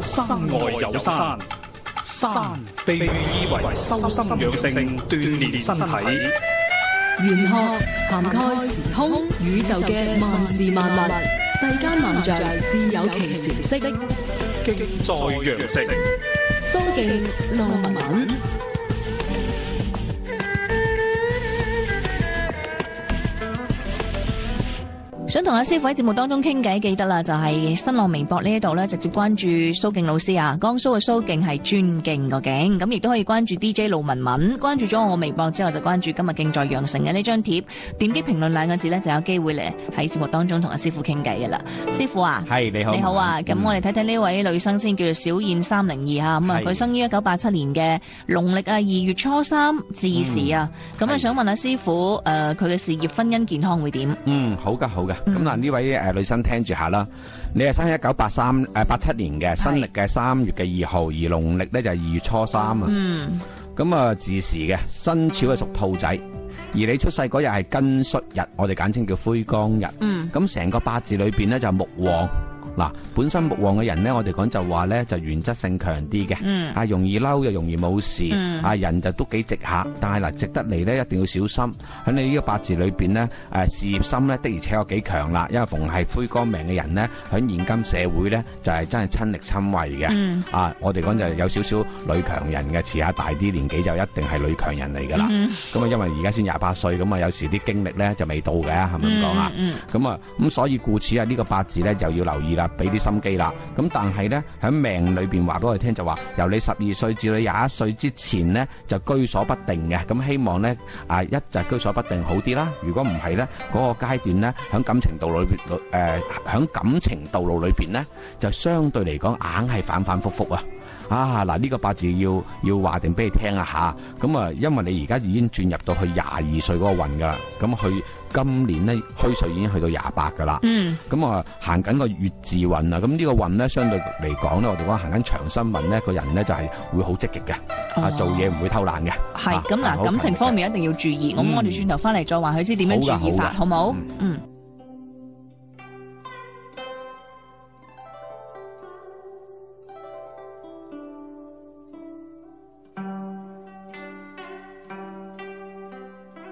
山外有山，山被喻意為修身養性、鍛煉身體。玄學涵蓋時空宇宙嘅萬事萬物，世間萬象自有其禪色，色，敬在羊城，蘇敬浪文。漫文想同阿師傅喺節目當中傾偈，記得啦，就係、是、新浪微博呢一度呢直接關注蘇敬老師啊，江蘇嘅蘇敬係尊敬個敬，咁亦都可以關注 DJ 盧文敏，關注咗我微博之後就關注今日敬在羊城嘅呢張帖，點擊評論兩個字呢，就有機會咧喺節目當中同阿師傅傾偈噶啦。師傅啊。係你好，你好啊，咁、嗯、我嚟睇睇呢位女生先，叫做小燕三零二吓，咁啊佢生於一九八七年嘅農曆啊二月初三子時啊，咁、嗯、啊想問下師傅誒佢嘅事業、婚姻、健康會點？嗯，好噶，好噶。咁、嗯、嗱，呢位女生聽住下啦，你係生喺一九八三誒八七年嘅，新歷嘅三月嘅二號，而農曆咧就係、是、二月初三啊、嗯。咁啊，自時嘅，生肖係屬兔仔，而你出世嗰日係庚戌日，我哋簡稱叫灰光日。咁、嗯、成個八字裏面咧就是、木旺。嗱，本身木旺嘅人呢，我哋講就話呢，就原則性強啲嘅，啊、嗯、容易嬲又容易冇事，啊、嗯、人就都幾直下，但係嗱值得嚟呢，一定要小心。喺你呢個八字裏邊呢，誒、啊、事業心呢的而且確幾強啦，因為逢係灰光命嘅人呢，喺現今社會呢，就係、是、真係親力親為嘅、嗯。啊，我哋講就有少少女強人嘅，遲下大啲年紀就一定係女強人嚟噶啦。咁、嗯、啊，因為而家先廿八歲，咁啊有時啲經歷呢就未到嘅，係咪咁講啊？咁、嗯、啊、咁、嗯、所以故此啊，呢、這個八字呢，就要留意。啦，俾啲心機啦，咁但係咧，喺命裏邊話俾我聽就話，由你十二歲至你廿一歲之前咧就居所不定嘅，咁希望咧啊一就居所不定好啲啦，如果唔係咧，嗰個階段咧喺感情道路裏邊，誒、呃、喺感情道路裏邊咧就相對嚟講硬係反反復復啊。啊嗱，呢、這個八字要要話定俾你聽啊吓，咁啊，因為你而家已經轉入到22去廿二歲嗰個運噶啦，咁佢今年咧虛歲已經去到廿八噶啦，嗯，咁啊行緊個月字運，運，運、哦、啊，咁呢個運咧相對嚟講咧，我哋講行緊長生運咧，個人咧就係會好積極嘅，啊做嘢唔會偷懶嘅，係咁嗱，感情方面一定要注意，咁、嗯、我哋轉頭返嚟再話佢知點樣注意法，好冇？嗯。嗯。